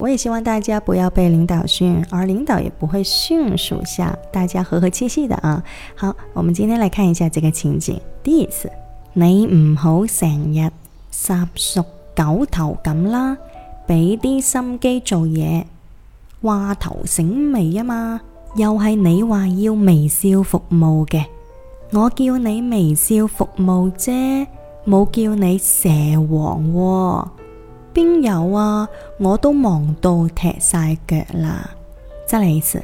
我也希望大家不要被領導訓，而領導也不會訓屬下，大家和和氣氣的啊。好，我們今天來看一下這個情景。第一次，你唔好成日烚熟狗頭咁啦，俾啲心機做嘢，話頭醒尾啊嘛。又係你話要微笑服務嘅，我叫你微笑服務啫，冇叫你蛇王喎。邊有啊！我都忙到踢晒腳啦，真係意思，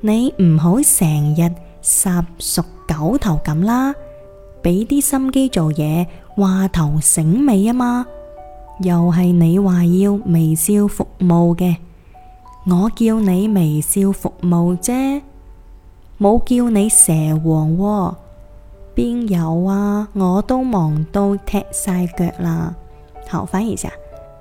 你唔好成日烚熟狗頭咁啦，俾啲心機做嘢，話頭醒尾啊嘛！又係你話要微笑服務嘅，我叫你微笑服務啫，冇叫你蛇王喎、哦。邊有啊！我都忙到踢晒腳啦，好，翻譯一下。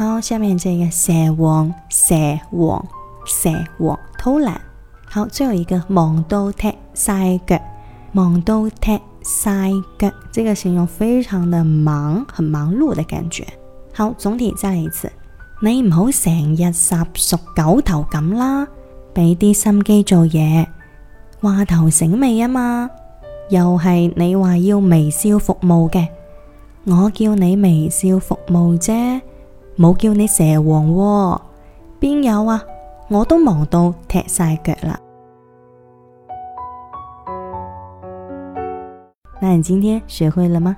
好，下面一個蛇王、蛇王、蛇王，蛇王偷懶。好，最後一個忙到踢晒腳，忙到踢晒腳，這個形容非常的忙，很忙碌的感覺。好，總體再來一次，你唔好成日烚熟狗頭咁啦，畀啲心機做嘢，話頭醒尾啊嘛，又係你話要微笑服務嘅，我叫你微笑服務啫。冇叫你蛇王喎，邊有啊？我都忙到踢晒腳啦。那你今天學會了嗎？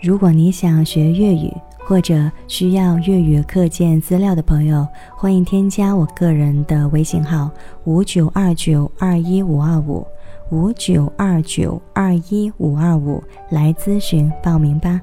如果你想學粵語，或者需要粵語課件資料的朋友，歡迎添加我個人的微信號五九二九二一五二五，五九二九二一五二五，來諮詢報名吧。